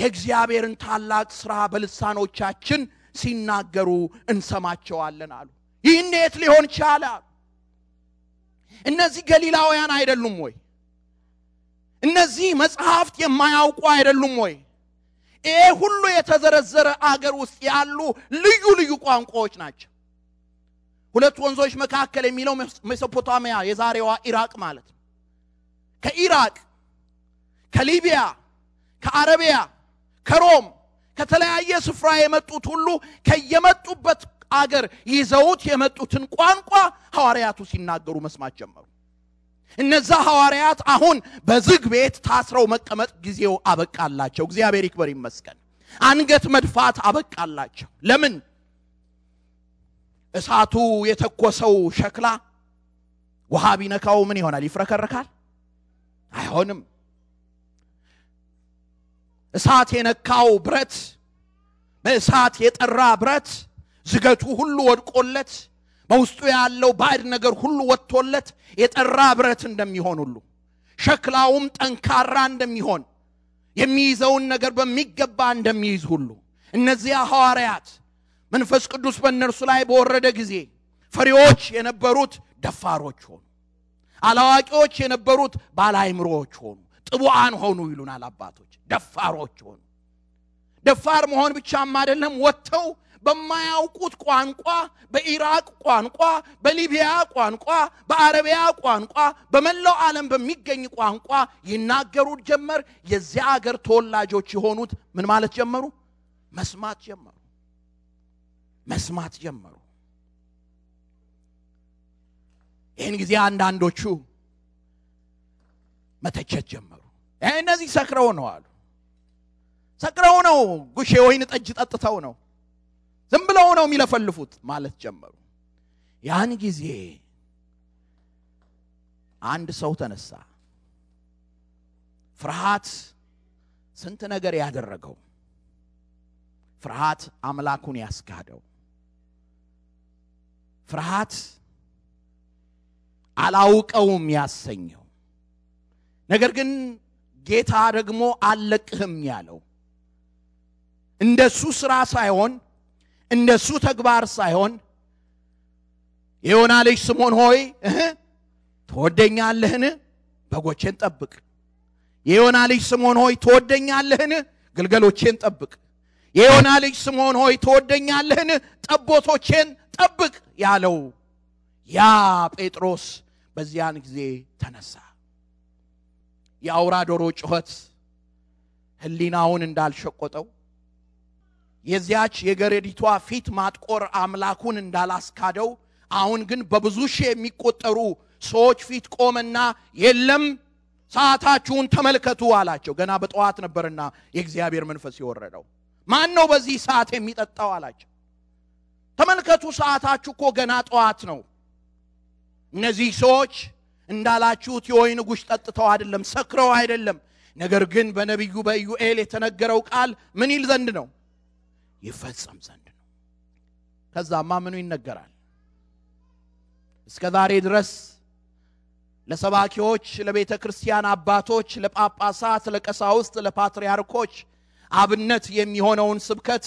የእግዚአብሔርን ታላቅ ሥራ በልሳኖቻችን ሲናገሩ እንሰማቸዋለን አሉ ይህ እንዴት ሊሆን ቻለ እነዚህ ገሊላውያን አይደሉም ወይ እነዚህ መጽሐፍት የማያውቁ አይደሉም ወይ ይሄ ሁሉ የተዘረዘረ አገር ውስጥ ያሉ ልዩ ልዩ ቋንቋዎች ናቸው ሁለት ወንዞች መካከል የሚለው ሜሶፖታሚያ የዛሬዋ ኢራቅ ማለት ነው ከኢራቅ ከሊቢያ ከአረቢያ ከሮም ከተለያየ ስፍራ የመጡት ሁሉ ከየመጡበት አገር ይዘውት የመጡትን ቋንቋ ሐዋርያቱ ሲናገሩ መስማት ጀመሩ እነዛ ሐዋርያት አሁን በዝግ ቤት ታስረው መቀመጥ ጊዜው አበቃላቸው። እግዚአብሔር ይክበር ይመስገን። አንገት መድፋት አበቃላቸው። ለምን? እሳቱ የተኮሰው ሸክላ ውሃ ቢነካው ምን ይሆናል? ይፍረከርካል? አይሆንም። እሳት የነካው ብረት፣ በእሳት የጠራ ብረት ዝገቱ ሁሉ ወድቆለት በውስጡ ያለው ባዕድ ነገር ሁሉ ወጥቶለት የጠራ ብረት እንደሚሆን ሁሉ ሸክላውም ጠንካራ እንደሚሆን የሚይዘውን ነገር በሚገባ እንደሚይዝ ሁሉ እነዚያ ሐዋርያት መንፈስ ቅዱስ በእነርሱ ላይ በወረደ ጊዜ ፈሪዎች የነበሩት ደፋሮች ሆኑ አላዋቂዎች የነበሩት ባለአይምሮዎች ሆኑ ጥቡዓን ሆኑ ይሉናል አባቶች ደፋሮች ሆኑ ደፋር መሆን ብቻም አይደለም ወጥተው በማያውቁት ቋንቋ በኢራቅ ቋንቋ በሊቢያ ቋንቋ በአረቢያ ቋንቋ በመላው ዓለም በሚገኝ ቋንቋ ይናገሩት ጀመር የዚያ አገር ተወላጆች የሆኑት ምን ማለት ጀመሩ መስማት ጀመሩ መስማት ጀመሩ ይህን ጊዜ አንዳንዶቹ መተቸት ጀመሩ እነዚህ ሰክረው ነው አሉ ሰክረው ነው ጉሼ ወይን ጠጅ ጠጥተው ነው ዝም ብለው ነው የሚለፈልፉት ማለት ጀመሩ። ያን ጊዜ አንድ ሰው ተነሳ። ፍርሃት ስንት ነገር ያደረገው፣ ፍርሃት አምላኩን ያስጋደው? ፍርሃት አላውቀውም ያሰኘው፣ ነገር ግን ጌታ ደግሞ አለቅህም ያለው እንደሱ ስራ ሳይሆን እንደሱ ተግባር ሳይሆን የዮና ልጅ ስሞን ሆይ ትወደኛለህን በጎቼን ጠብቅ የዮና ልጅ ስሞን ሆይ ትወደኛለህን ግልገሎቼን ጠብቅ የዮና ልጅ ስሞን ሆይ ትወደኛለህን ጠቦቶቼን ጠብቅ ያለው ያ ጴጥሮስ በዚያን ጊዜ ተነሳ የአውራ ዶሮ ጩኸት ህሊናውን እንዳልሸቆጠው የዚያች የገረዲቷ ፊት ማጥቆር አምላኩን እንዳላስካደው አሁን ግን በብዙ ሺህ የሚቆጠሩ ሰዎች ፊት ቆመና የለም ሰዓታችሁን ተመልከቱ አላቸው። ገና በጠዋት ነበርና የእግዚአብሔር መንፈስ የወረደው። ማን ነው በዚህ ሰዓት የሚጠጣው አላቸው። ተመልከቱ፣ ሰዓታችሁ እኮ ገና ጠዋት ነው። እነዚህ ሰዎች እንዳላችሁት የወይን ጉሽ ጠጥተው አይደለም፣ ሰክረው አይደለም። ነገር ግን በነቢዩ በኢዩኤል የተነገረው ቃል ምን ይል ዘንድ ነው? ይፈጸም ዘንድ ነው ከዛማ ምኑ ይነገራል እስከ ዛሬ ድረስ ለሰባኪዎች ለቤተ ክርስቲያን አባቶች ለጳጳሳት ለቀሳውስት ለፓትርያርኮች አብነት የሚሆነውን ስብከት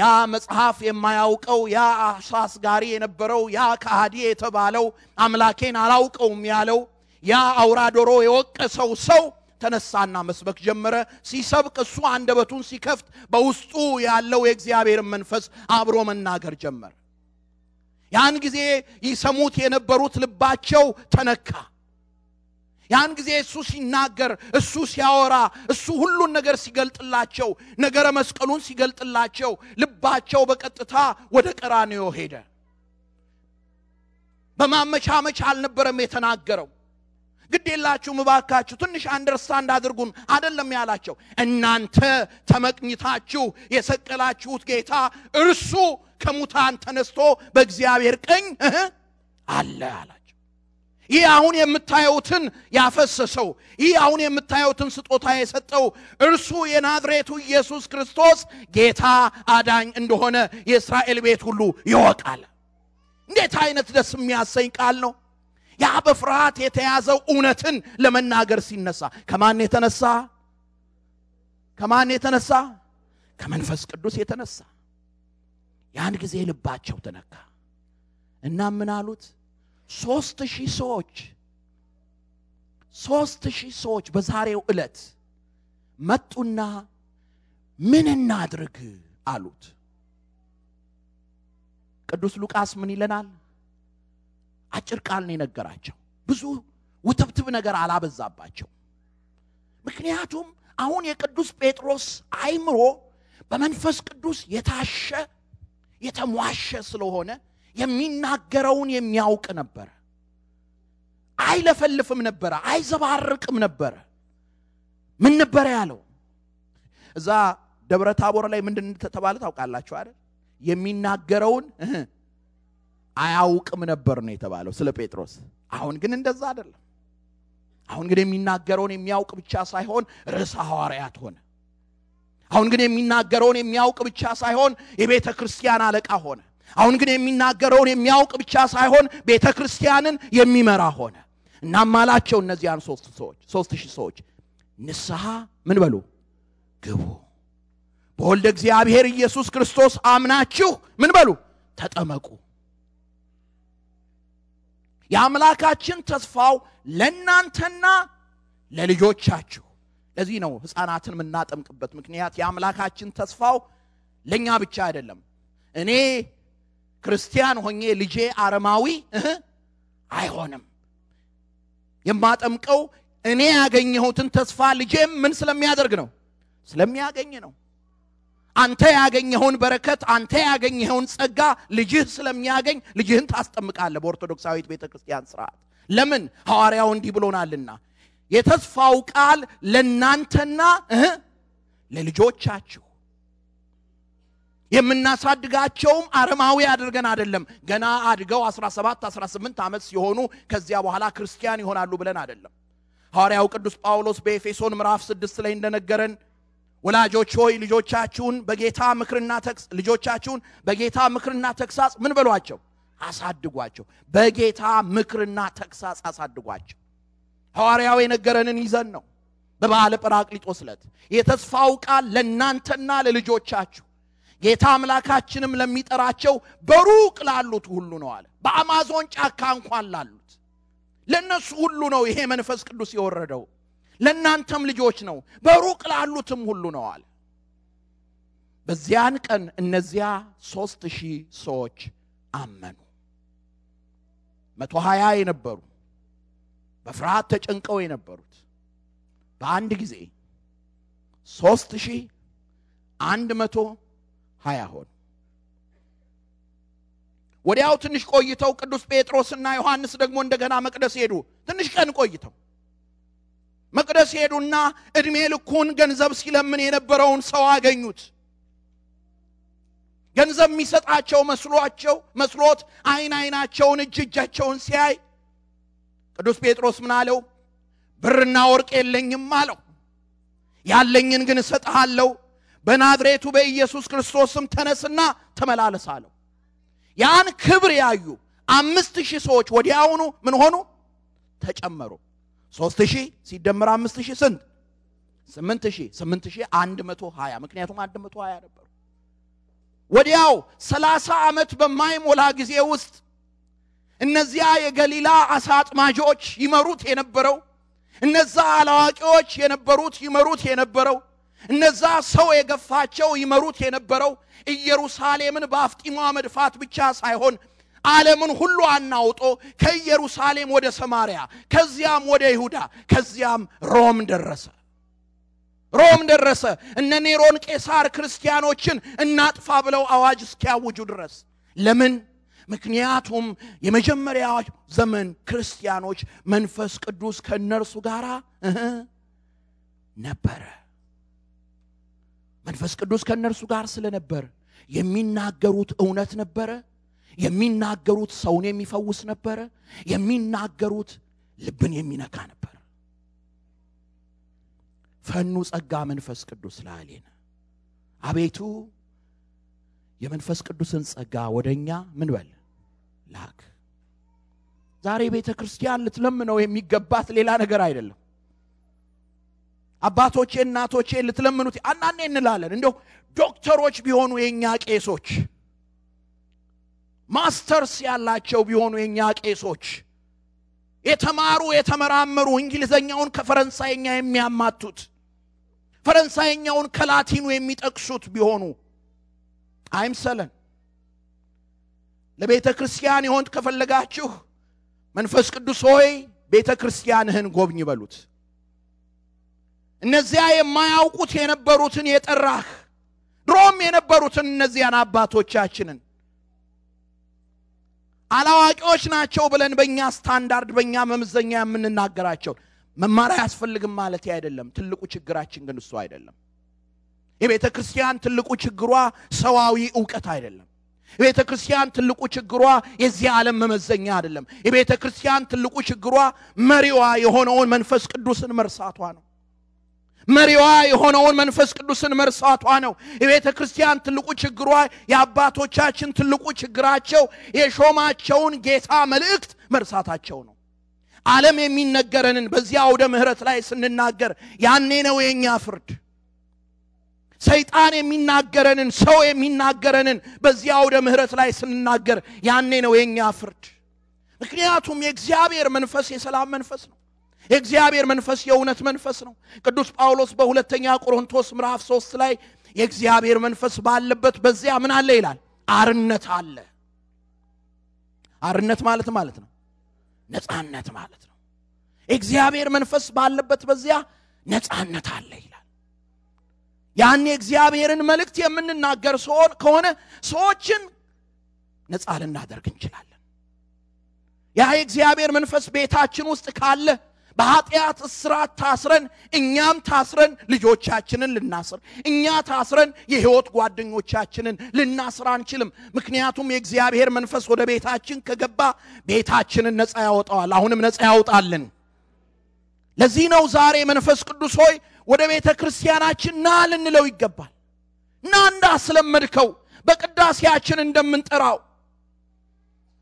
ያ መጽሐፍ የማያውቀው ያ አሳስጋሪ የነበረው ያ ከሃዲ የተባለው አምላኬን አላውቀውም ያለው ያ አውራ ዶሮ የወቀሰው ሰው ተነሳና መስበክ ጀመረ ሲሰብክ እሱ አንደበቱን ሲከፍት በውስጡ ያለው የእግዚአብሔር መንፈስ አብሮ መናገር ጀመር ያን ጊዜ ይሰሙት የነበሩት ልባቸው ተነካ ያን ጊዜ እሱ ሲናገር እሱ ሲያወራ እሱ ሁሉን ነገር ሲገልጥላቸው ነገረ መስቀሉን ሲገልጥላቸው ልባቸው በቀጥታ ወደ ቀራንዮ ሄደ በማመቻመች አልነበረም የተናገረው ግድ የላችሁም እባካችሁ ትንሽ አንደርስታንድ አድርጉን አደለም ያላቸው እናንተ ተመቅኝታችሁ የሰቀላችሁት ጌታ እርሱ ከሙታን ተነስቶ በእግዚአብሔር ቀኝ አለ አላቸው ይህ አሁን የምታዩትን ያፈሰሰው ይህ አሁን የምታዩትን ስጦታ የሰጠው እርሱ የናዝሬቱ ኢየሱስ ክርስቶስ ጌታ አዳኝ እንደሆነ የእስራኤል ቤት ሁሉ ይወቃል እንዴት አይነት ደስ የሚያሰኝ ቃል ነው ያ በፍርሃት የተያዘው እውነትን ለመናገር ሲነሳ ከማን የተነሳ ከማን የተነሳ ከመንፈስ ቅዱስ የተነሳ ያን ጊዜ ልባቸው ተነካ እና ምን አሉት ሶስት ሺህ ሰዎች ሶስት ሺህ ሰዎች በዛሬው ዕለት መጡና ምን እናድርግ አሉት ቅዱስ ሉቃስ ምን ይለናል አጭር ቃል ነው የነገራቸው። ብዙ ውትብትብ ነገር አላበዛባቸው። ምክንያቱም አሁን የቅዱስ ጴጥሮስ አይምሮ በመንፈስ ቅዱስ የታሸ የተሟሸ ስለሆነ የሚናገረውን የሚያውቅ ነበረ። አይለፈልፍም ነበረ፣ አይዘባርቅም ነበረ። ምን ነበረ ያለው? እዛ ደብረ ታቦር ላይ ምንድን ተባለ ታውቃላችሁ አይደል? የሚናገረውን አያውቅም ነበር ነው የተባለው ስለ ጴጥሮስ። አሁን ግን እንደዛ አይደለም። አሁን ግን የሚናገረውን የሚያውቅ ብቻ ሳይሆን ርዕሰ ሐዋርያት ሆነ። አሁን ግን የሚናገረውን የሚያውቅ ብቻ ሳይሆን የቤተ ክርስቲያን አለቃ ሆነ። አሁን ግን የሚናገረውን የሚያውቅ ብቻ ሳይሆን ቤተ ክርስቲያንን የሚመራ ሆነ። እናም አላቸው እነዚያን ሶስት ሰዎች ሶስት ሺህ ሰዎች ንስሐ ምን በሉ ግቡ፣ በወልደ እግዚአብሔር ኢየሱስ ክርስቶስ አምናችሁ ምን በሉ ተጠመቁ። የአምላካችን ተስፋው ለእናንተና ለልጆቻችሁ። ለዚህ ነው ህፃናትን የምናጠምቅበት ምክንያት የአምላካችን ተስፋው ለእኛ ብቻ አይደለም። እኔ ክርስቲያን ሆኜ ልጄ አረማዊ አይሆንም። የማጠምቀው እኔ ያገኘሁትን ተስፋ ልጄም ምን ስለሚያደርግ ነው? ስለሚያገኝ ነው። አንተ ያገኘኸውን በረከት አንተ ያገኘኸውን ጸጋ ልጅህ ስለሚያገኝ ልጅህን ታስጠምቃለህ በኦርቶዶክሳዊት ቤተ ክርስቲያን ስርዓት ለምን ሐዋርያው እንዲህ ብሎናልና የተስፋው ቃል ለእናንተና ለልጆቻችሁ የምናሳድጋቸውም አረማዊ አድርገን አይደለም ገና አድገው 17 18 ዓመት ሲሆኑ ከዚያ በኋላ ክርስቲያን ይሆናሉ ብለን አይደለም ሐዋርያው ቅዱስ ጳውሎስ በኤፌሶን ምዕራፍ 6 ላይ እንደነገረን ወላጆች ሆይ ልጆቻችሁን በጌታ ምክርና ልጆቻችሁን በጌታ ምክርና ተግሳጽ ምን በሏቸው አሳድጓቸው በጌታ ምክርና ተግሳጽ አሳድጓቸው ሐዋርያው የነገረንን ይዘን ነው በባለ ጰራቅሊጦስ ለት የተስፋው ቃል ለእናንተና ለልጆቻችሁ ጌታ አምላካችንም ለሚጠራቸው በሩቅ ላሉት ሁሉ ነው አለ በአማዞን ጫካ እንኳን ላሉት ለእነሱ ሁሉ ነው ይሄ መንፈስ ቅዱስ የወረደው ለእናንተም ልጆች ነው በሩቅ ላሉትም ሁሉ ነው አለ በዚያን ቀን እነዚያ ሶስት ሺህ ሰዎች አመኑ መቶ ሀያ የነበሩ በፍርሃት ተጨንቀው የነበሩት በአንድ ጊዜ ሶስት ሺህ አንድ መቶ ሀያ ሆኑ ወዲያው ትንሽ ቆይተው ቅዱስ ጴጥሮስና ዮሐንስ ደግሞ እንደገና መቅደስ ሄዱ ትንሽ ቀን ቆይተው መቅደስ ሄዱና እድሜ ልኩን ገንዘብ ሲለምን የነበረውን ሰው አገኙት ገንዘብ የሚሰጣቸው መስሏቸው መስሎት አይን አይናቸውን እጅ እጃቸውን ሲያይ ቅዱስ ጴጥሮስ ምን አለው ብርና ወርቅ የለኝም አለው ያለኝን ግን እሰጥሃለሁ በናዝሬቱ በኢየሱስ ክርስቶስም ተነስና ተመላለስ አለው ያን ክብር ያዩ አምስት ሺህ ሰዎች ወዲያውኑ ምን ሆኑ ተጨመሩ ሶስት ሺህ ሲደመር አምስት ሺህ ስንት? ስምንት ሺህ ስምንት ሺህ አንድ መቶ ሀያ ምክንያቱም አንድ መቶ ሀያ ነበሩ። ወዲያው ሰላሳ ዓመት በማይሞላ ጊዜ ውስጥ እነዚያ የገሊላ አሳ አጥማጆች ይመሩት የነበረው እነዛ አላዋቂዎች የነበሩት ይመሩት የነበረው እነዛ ሰው የገፋቸው ይመሩት የነበረው ኢየሩሳሌምን በአፍጢሟ መድፋት ብቻ ሳይሆን ዓለምን ሁሉ አናውጦ ከኢየሩሳሌም ወደ ሰማርያ፣ ከዚያም ወደ ይሁዳ፣ ከዚያም ሮም ደረሰ። ሮም ደረሰ። እነ ኔሮን ቄሳር ክርስቲያኖችን እናጥፋ ብለው አዋጅ እስኪያውጁ ድረስ። ለምን? ምክንያቱም የመጀመሪያ ዘመን ክርስቲያኖች መንፈስ ቅዱስ ከእነርሱ ጋር ነበረ። መንፈስ ቅዱስ ከእነርሱ ጋር ስለነበር የሚናገሩት እውነት ነበረ። የሚናገሩት ሰውን የሚፈውስ ነበረ። የሚናገሩት ልብን የሚነካ ነበር። ፈኑ ጸጋ መንፈስ ቅዱስ ላሌነ አቤቱ የመንፈስ ቅዱስን ጸጋ ወደ እኛ ምን በል ላክ። ዛሬ ቤተ ክርስቲያን ልትለምነው የሚገባት ሌላ ነገር አይደለም። አባቶቼ እናቶቼ ልትለምኑት አናኔ እንላለን፣ እንደው ዶክተሮች ቢሆኑ የእኛ ቄሶች ማስተርስ ያላቸው ቢሆኑ የእኛ ቄሶች የተማሩ የተመራመሩ እንግሊዘኛውን ከፈረንሳይኛ የሚያማቱት ፈረንሳይኛውን ከላቲኑ የሚጠቅሱት ቢሆኑ አይምሰለን ለቤተ ክርስቲያን የሆንት ከፈለጋችሁ መንፈስ ቅዱስ ሆይ ቤተ ክርስቲያንህን ጎብኝ በሉት እነዚያ የማያውቁት የነበሩትን የጠራህ ድሮም የነበሩትን እነዚያን አባቶቻችንን አላዋቂዎች ናቸው ብለን በእኛ ስታንዳርድ በእኛ መምዘኛ የምንናገራቸው መማር አያስፈልግም ማለት አይደለም ትልቁ ችግራችን ግን እሱ አይደለም የቤተ ክርስቲያን ትልቁ ችግሯ ሰዋዊ እውቀት አይደለም የቤተ ክርስቲያን ትልቁ ችግሯ የዚህ ዓለም መመዘኛ አይደለም የቤተ ክርስቲያን ትልቁ ችግሯ መሪዋ የሆነውን መንፈስ ቅዱስን መርሳቷ ነው መሪዋ የሆነውን መንፈስ ቅዱስን መርሳቷ ነው የቤተ ክርስቲያን ትልቁ ችግሯ የአባቶቻችን ትልቁ ችግራቸው የሾማቸውን ጌታ መልእክት መርሳታቸው ነው ዓለም የሚነገረንን በዚያ አውደ ምህረት ላይ ስንናገር ያኔ ነው የእኛ ፍርድ ሰይጣን የሚናገረንን ሰው የሚናገረንን በዚያ አውደ ምህረት ላይ ስንናገር ያኔ ነው የእኛ ፍርድ ምክንያቱም የእግዚአብሔር መንፈስ የሰላም መንፈስ ነው የእግዚአብሔር መንፈስ የእውነት መንፈስ ነው ቅዱስ ጳውሎስ በሁለተኛ ቆሮንቶስ ምዕራፍ ሶስት ላይ የእግዚአብሔር መንፈስ ባለበት በዚያ ምን አለ ይላል አርነት አለ አርነት ማለት ማለት ነው ነፃነት ማለት ነው እግዚአብሔር መንፈስ ባለበት በዚያ ነፃነት አለ ይላል ያን የእግዚአብሔርን መልእክት የምንናገር ከሆነ ሰዎችን ነፃ ልናደርግ እንችላለን ያ የእግዚአብሔር መንፈስ ቤታችን ውስጥ ካለ በኃጢአት እስራት ታስረን እኛም ታስረን ልጆቻችንን ልናስር እኛ ታስረን የህይወት ጓደኞቻችንን ልናስር አንችልም ምክንያቱም የእግዚአብሔር መንፈስ ወደ ቤታችን ከገባ ቤታችንን ነፃ ያወጣዋል አሁንም ነፃ ያወጣለን ለዚህ ነው ዛሬ መንፈስ ቅዱስ ሆይ ወደ ቤተ ክርስቲያናችን ና ልንለው ይገባል ና እንዳስለመድከው በቅዳሴያችን እንደምንጠራው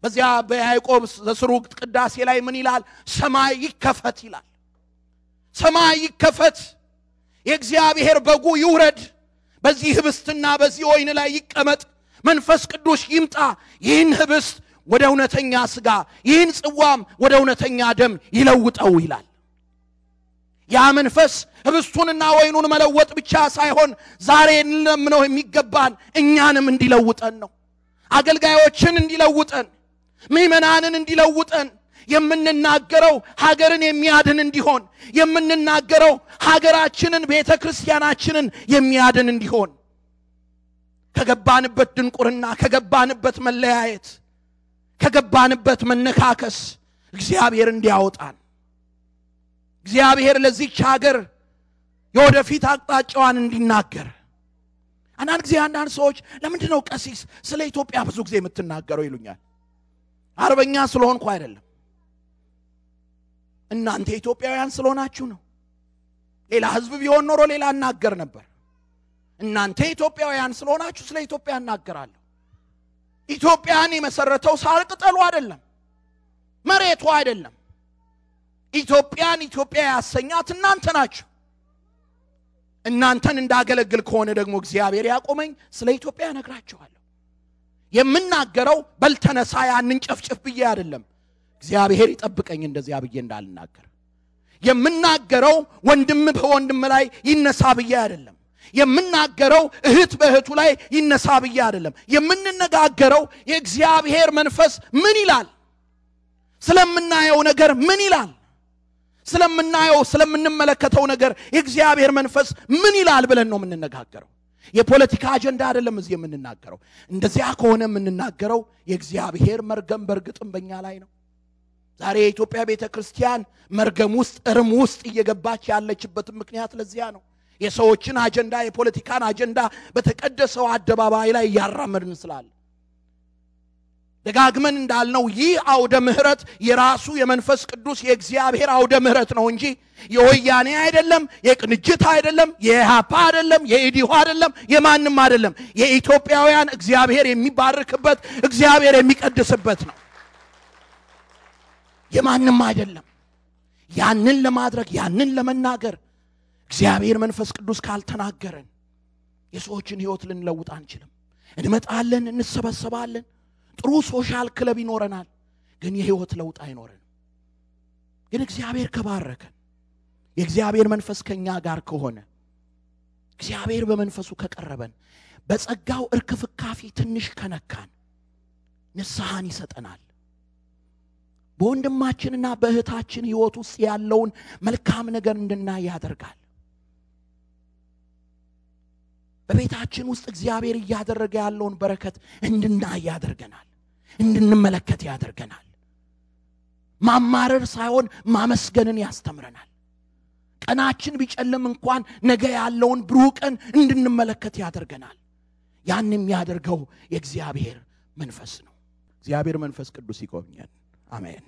በዚያ በያዕቆብ ዘስሩግ ቅዳሴ ላይ ምን ይላል? ሰማይ ይከፈት ይላል። ሰማይ ይከፈት፣ የእግዚአብሔር በጉ ይውረድ፣ በዚህ ህብስትና በዚህ ወይን ላይ ይቀመጥ፣ መንፈስ ቅዱስ ይምጣ፣ ይህን ህብስት ወደ እውነተኛ ስጋ፣ ይህን ጽዋም ወደ እውነተኛ ደም ይለውጠው ይላል። ያ መንፈስ ህብስቱንና ወይኑን መለወጥ ብቻ ሳይሆን ዛሬ እንለምነው የሚገባን እኛንም እንዲለውጠን ነው። አገልጋዮችን እንዲለውጠን ምዕመናንን እንዲለውጠን የምንናገረው ሀገርን የሚያድን እንዲሆን የምንናገረው ሀገራችንን ቤተ ክርስቲያናችንን የሚያድን እንዲሆን ከገባንበት ድንቁርና ከገባንበት መለያየት ከገባንበት መነካከስ እግዚአብሔር እንዲያወጣን እግዚአብሔር ለዚች ሀገር የወደፊት አቅጣጫዋን እንዲናገር አንዳንድ ጊዜ አንዳንድ ሰዎች ለምንድን ነው ቀሲስ ስለ ኢትዮጵያ ብዙ ጊዜ የምትናገረው ይሉኛል አርበኛ ስለሆንኩ አይደለም እናንተ ኢትዮጵያውያን ስለሆናችሁ ነው ሌላ ህዝብ ቢሆን ኖሮ ሌላ እናገር ነበር እናንተ ኢትዮጵያውያን ስለሆናችሁ ስለ ኢትዮጵያ እናገራለሁ ኢትዮጵያን የመሰረተው ሳር ቅጠሉ አይደለም መሬቱ አይደለም ኢትዮጵያን ኢትዮጵያ ያሰኛት እናንተ ናችሁ እናንተን እንዳገለግል ከሆነ ደግሞ እግዚአብሔር ያቆመኝ ስለ ኢትዮጵያ ነግራችኋለሁ የምናገረው በልተነሳ ያንን ጨፍጭፍ ብዬ አይደለም እግዚአብሔር ይጠብቀኝ እንደዚያ ብዬ እንዳልናገር የምናገረው ወንድም በወንድም ላይ ይነሳ ብዬ አይደለም የምናገረው እህት በእህቱ ላይ ይነሳ ብዬ አይደለም የምንነጋገረው የእግዚአብሔር መንፈስ ምን ይላል ስለምናየው ነገር ምን ይላል ስለምናየው ስለምንመለከተው ነገር የእግዚአብሔር መንፈስ ምን ይላል ብለን ነው የምንነጋገረው የፖለቲካ አጀንዳ አይደለም እዚህ የምንናገረው። እንደዚያ ከሆነ የምንናገረው የእግዚአብሔር መርገም በእርግጥም በእኛ ላይ ነው። ዛሬ የኢትዮጵያ ቤተ ክርስቲያን መርገም ውስጥ እርም ውስጥ እየገባች ያለችበትም ምክንያት ለዚያ ነው። የሰዎችን አጀንዳ የፖለቲካን አጀንዳ በተቀደሰው አደባባይ ላይ እያራመድን ስላለ ደጋግመን እንዳልነው ይህ አውደ ምህረት የራሱ የመንፈስ ቅዱስ የእግዚአብሔር አውደ ምህረት ነው እንጂ የወያኔ አይደለም፣ የቅንጅት አይደለም፣ የኢሃፓ አይደለም፣ የኢዲሁ አይደለም፣ የማንም አይደለም። የኢትዮጵያውያን እግዚአብሔር የሚባርክበት እግዚአብሔር የሚቀድስበት ነው። የማንም አይደለም። ያንን ለማድረግ ያንን ለመናገር እግዚአብሔር መንፈስ ቅዱስ ካልተናገረን የሰዎችን ህይወት ልንለውጥ አንችልም። እንመጣለን፣ እንሰበሰባለን ጥሩ ሶሻል ክለብ ይኖረናል፣ ግን የህይወት ለውጥ አይኖረንም። ግን እግዚአብሔር ከባረከን የእግዚአብሔር መንፈስ ከኛ ጋር ከሆነ እግዚአብሔር በመንፈሱ ከቀረበን በጸጋው እርክፍካፊ ትንሽ ከነካን ንስሐን ይሰጠናል። በወንድማችንና በእህታችን ህይወት ውስጥ ያለውን መልካም ነገር እንድናይ ያደርጋል። በቤታችን ውስጥ እግዚአብሔር እያደረገ ያለውን በረከት እንድናይ ያደርገናል፣ እንድንመለከት ያደርገናል። ማማረር ሳይሆን ማመስገንን ያስተምረናል። ቀናችን ቢጨልም እንኳን ነገ ያለውን ብሩህ ቀን እንድንመለከት ያደርገናል። ያን የሚያደርገው የእግዚአብሔር መንፈስ ነው። እግዚአብሔር መንፈስ ቅዱስ ይጎብኘን። አሜን።